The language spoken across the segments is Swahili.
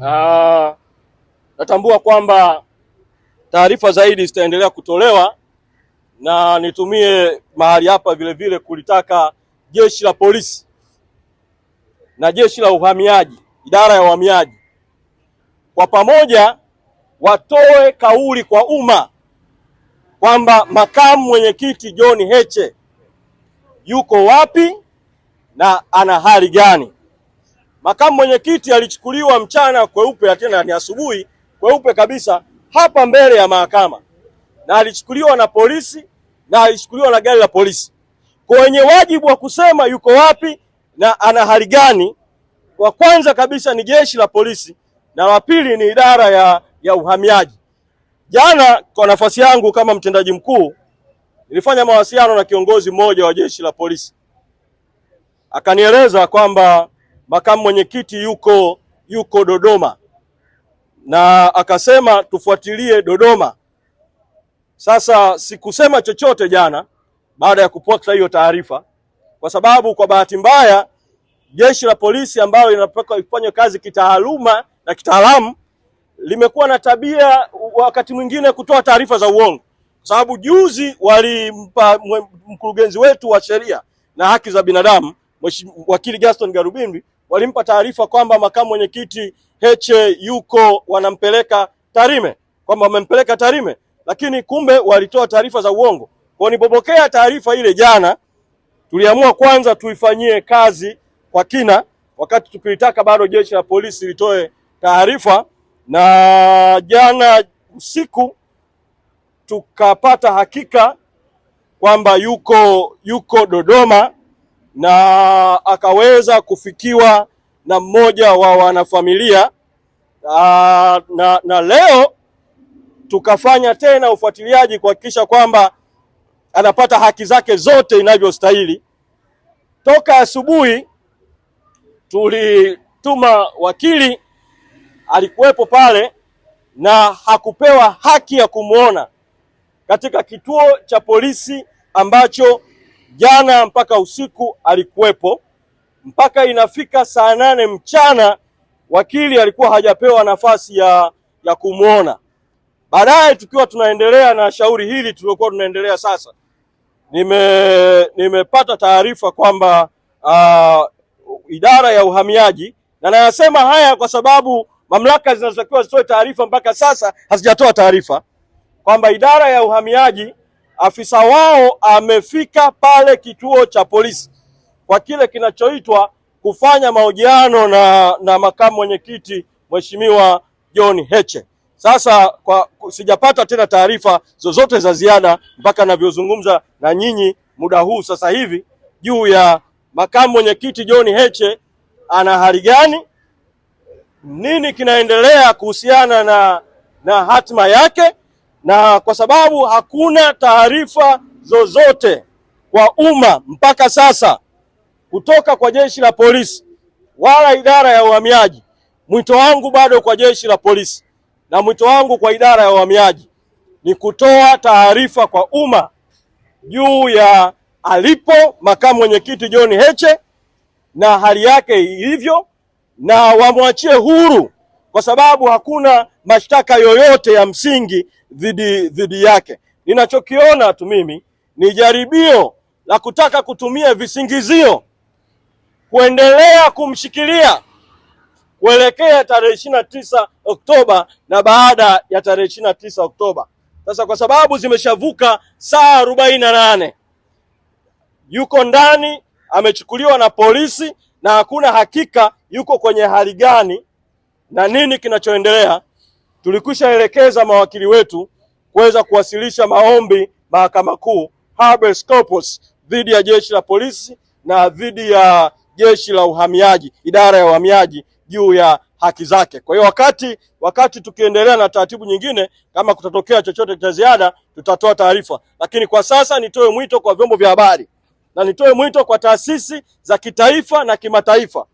Uh, natambua kwamba taarifa zaidi zitaendelea kutolewa na nitumie mahali hapa vile vile kulitaka jeshi la polisi na jeshi la uhamiaji, idara ya uhamiaji, kwa pamoja watoe kauli kwa umma kwamba makamu mwenyekiti John Heche yuko wapi na ana hali gani. Makamu mwenyekiti alichukuliwa mchana kweupe, tena ni asubuhi kweupe kabisa hapa mbele ya mahakama, na alichukuliwa na polisi na alichukuliwa na gari la polisi. Kwa wenye wajibu wa kusema yuko wapi na ana hali gani, wa kwanza kabisa ni jeshi la polisi na la pili ni idara ya, ya uhamiaji. Jana kwa nafasi yangu kama mtendaji mkuu nilifanya mawasiliano na kiongozi mmoja wa jeshi la polisi, akanieleza kwamba makamu mwenyekiti yuko yuko Dodoma na akasema tufuatilie Dodoma. Sasa sikusema chochote jana baada ya kupata hiyo taarifa, kwa sababu kwa bahati mbaya jeshi la polisi ambalo linapaka kufanya kazi kitaaluma na kitaalamu limekuwa na tabia wakati mwingine kutoa taarifa za uongo, kwa sababu juzi walimpa mkurugenzi wetu wa sheria na haki za binadamu wakili Gaston Garubindi walimpa taarifa kwamba makamu mwenyekiti Heche yuko wanampeleka Tarime, kwamba wamempeleka Tarime, lakini kumbe walitoa taarifa za uongo. Kwa nipopokea taarifa ile jana, tuliamua kwanza tuifanyie kazi kwa kina, wakati tukilitaka bado jeshi la polisi litoe taarifa, na jana usiku tukapata hakika kwamba yuko yuko Dodoma na akaweza kufikiwa na mmoja wa wanafamilia na, ah, na, na leo tukafanya tena ufuatiliaji kuhakikisha kwamba anapata haki zake zote inavyostahili. Toka asubuhi tulituma wakili, alikuwepo pale na hakupewa haki ya kumwona katika kituo cha polisi ambacho jana mpaka usiku alikuwepo, mpaka inafika saa nane mchana wakili alikuwa hajapewa nafasi ya, ya kumwona. Baadaye tukiwa tunaendelea na shauri hili tuliokuwa tunaendelea sasa, nime nimepata taarifa kwamba uh, idara ya uhamiaji, na nayasema haya kwa sababu mamlaka zinazotakiwa zitoe taarifa mpaka sasa hazijatoa taarifa, kwamba idara ya uhamiaji afisa wao amefika pale kituo cha polisi kwa kile kinachoitwa kufanya mahojiano na, na makamu mwenyekiti Mheshimiwa John Heche. Sasa kwa, sijapata tena taarifa zozote za ziada mpaka navyozungumza na nyinyi muda huu sasa hivi juu ya makamu mwenyekiti John Heche ana hali gani, nini kinaendelea kuhusiana na, na hatima yake na kwa sababu hakuna taarifa zozote kwa umma mpaka sasa kutoka kwa jeshi la polisi wala idara ya uhamiaji. Mwito wangu bado kwa jeshi la polisi na mwito wangu kwa idara ya uhamiaji ni kutoa taarifa kwa umma juu ya alipo makamu mwenyekiti John Heche na hali yake ilivyo, na wamwachie huru kwa sababu hakuna mashtaka yoyote ya msingi dhidi dhidi yake. Ninachokiona tu mimi ni jaribio la kutaka kutumia visingizio kuendelea kumshikilia kuelekea tarehe ishirini na tisa Oktoba na baada ya tarehe ishirini na tisa Oktoba. Sasa kwa sababu zimeshavuka saa arobaini na nane yuko ndani amechukuliwa na polisi na hakuna hakika yuko kwenye hali gani na nini kinachoendelea tulikwishaelekeza mawakili wetu kuweza kuwasilisha maombi Mahakama Kuu habeas corpus dhidi ya jeshi la polisi na dhidi ya jeshi la uhamiaji, idara ya uhamiaji juu ya haki zake. Kwa hiyo wakati wakati tukiendelea na taratibu nyingine, kama kutatokea chochote cha ziada, tutatoa taarifa, lakini kwa sasa nitoe mwito kwa vyombo vya habari na nitoe mwito kwa taasisi za kitaifa na kimataifa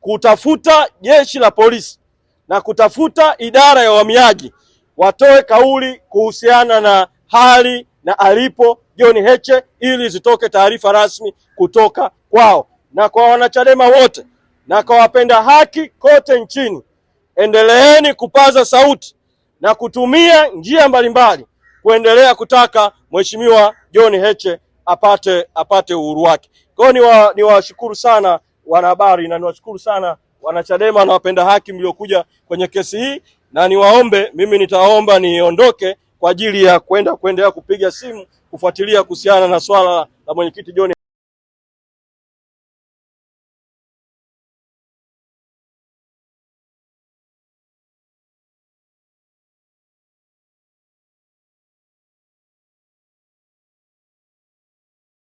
kutafuta jeshi la polisi na kutafuta idara ya uhamiaji watoe kauli kuhusiana na hali na alipo John Heche ili zitoke taarifa rasmi kutoka kwao. Na kwa wanachadema wote na kwa wapenda haki kote nchini, endeleeni kupaza sauti na kutumia njia mbalimbali kuendelea kutaka Mheshimiwa John Heche apate apate uhuru wake. Kwa hiyo niwashukuru wa, sana wanahabari na niwashukuru sana wanachadema na wapenda haki mliokuja kwenye kesi hii, na niwaombe, mimi nitaomba niondoke kwa ajili ya kwenda kuendelea kupiga simu kufuatilia kuhusiana na swala la mwenyekiti John